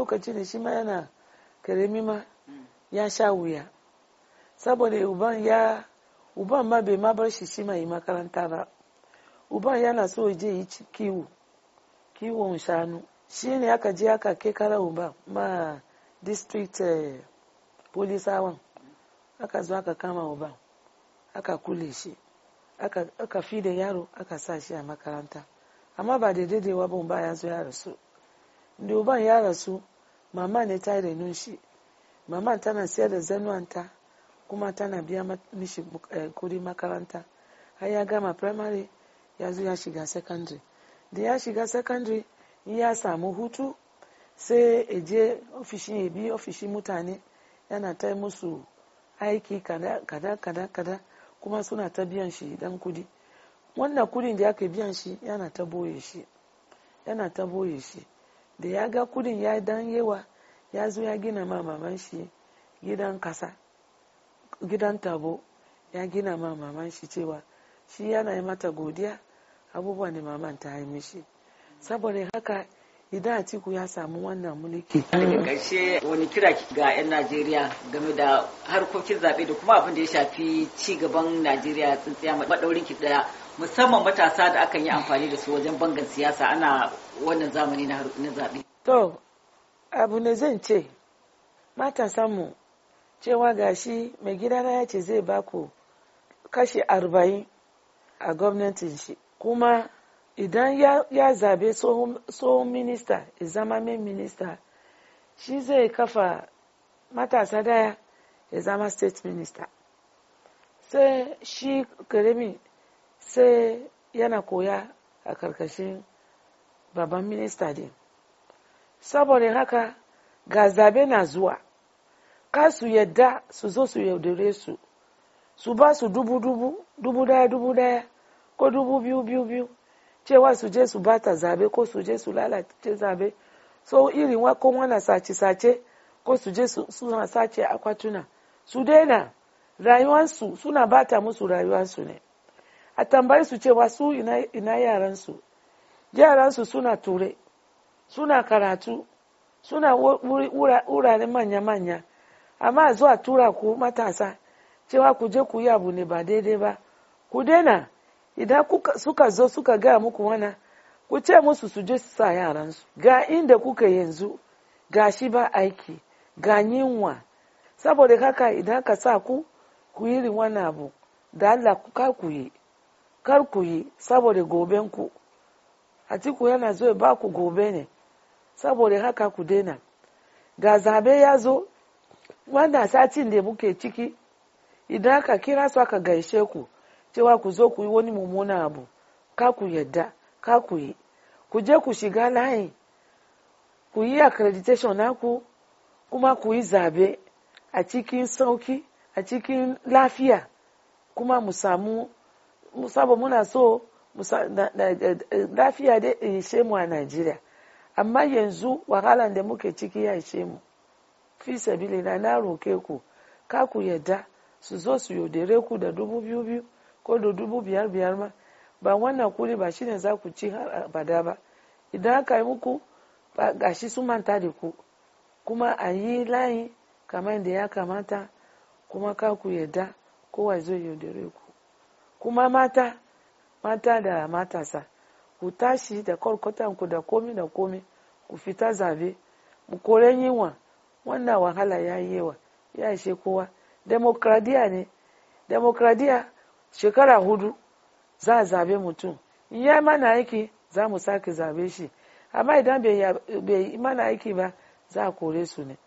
lokacin da shi ma yana karami ma ya sha wuya saboda uban ya uban ma bai ma bar shi shi ma yi makaranta ba uban yana so je yi kiwo kiwon shanu shi ne aka je aka ke kara uban ma district police eh, polisawan aka zo aka kama uban aka kule shi aka, fi da yaro aka sa shi a makaranta amma ba da daidaiwa ba ba ya zo ya rasu da uban ya rasu mama ne ta renun shi mama tana sayar da zanuwanta kuma tana biya mishi eh, kudi makaranta har ya gama primary ya zo ya shiga secondary da ya shiga secondary ya samu hutu sai ya je ofishin ya bi ofishin mutane yana ta musu aiki kada kada kada kada kuma suna ta biyan shi dan kudi wannan kudin da aka biyan shi yana ta boye shi yana ta boye shi da ya ga kudin ya dan yawa ya zo ya gina ma maman shi gidan kasa gidan tabo ya gina ma maman shi cewa shi yana yi mata godiya abubuwan da maman ta yi mishi saboda haka idan ciku ya samu wannan mulki. Daga ƙarshe wani kira ga 'yan Najeriya game da harkokin zaɓe da kuma abin da ya shafi ci gaban Najeriya tsintsiya maɗaurin ki ɗaya musamman matasa da akan yi amfani da su wajen bangan siyasa ana wannan zamani na zaɓe. To, abu ne zan ce, matasa mu cewa gashi mai gidana ya ce zai baku kashi arba'in a gwamnatin shi kuma idan ya zabe tsohon minista zama min minista shi zai kafa matasa daya ya zama state minister sai shi karimi sai yana koya a karkashin babban minista din saboda haka ga zabe na zuwa ka su yadda su zo su yaudare su su ba su dubu dubu dubu daya dubu daya ko dubu biyu biyu biyu cewa su je su bata zabe ko su je su lalace zabe so irin wa ko na sace-sace ko su je suna sace akwatuna su daina rayuwansu suna bata musu rayuwansu ne a tambayi su cewa su ina yaransu yaransu suna ture suna karatu suna wurare manya-manya amma zuwa tura ku matasa cewa ku je ku yi abu ne ba daidai ba ku daina idan suka zo suka gaya muku wana ku ce musu su je su sa yaransu ga inda kuka yanzu ga shi ba aiki ga yinwa saboda haka idan ka sa ku ku yi wani abu da Allah ku kar ku yi kar ku yi saboda goben ku Atiku yana zo ba ku gobe ne saboda haka ku daina ga zabe ya zo wannan satin da muke ciki idan ka kira su aka gaishe ku cewa ku zo ku yi wani mummuna abu ka ku yadda ka ku yi ku je ku shiga layi ku yi accreditation naku kuma ku yi zabe a cikin sauki a cikin lafiya kuma mu samu saba muna so lafiya da ishe mu a Najeriya amma yanzu wahalan da muke ciki ya ishe mu fi sabili na na roke ku ka ku yadda su zo su yaudare ku da dubu biyu biyu ko da dubu biyar biyar ma ba wannan kuri ba shine za ku ci har abada ba idan aka yi muku gashi su manta da ku kuma a yi layi kamar da ya kamata kuma ka ku yarda kowa zo yaudare ku kuma mata mata da matasa ku tashi da ku da komi da komi ku fita zabe mu koren yiwa wannan wahala ya yi yawa ya ishe kowa demokradiya ne demokradiya shekara hudu za a zabe mutum in ya mana aiki za mu sake zabe shi amma idan bai mana aiki ba za a kore su ne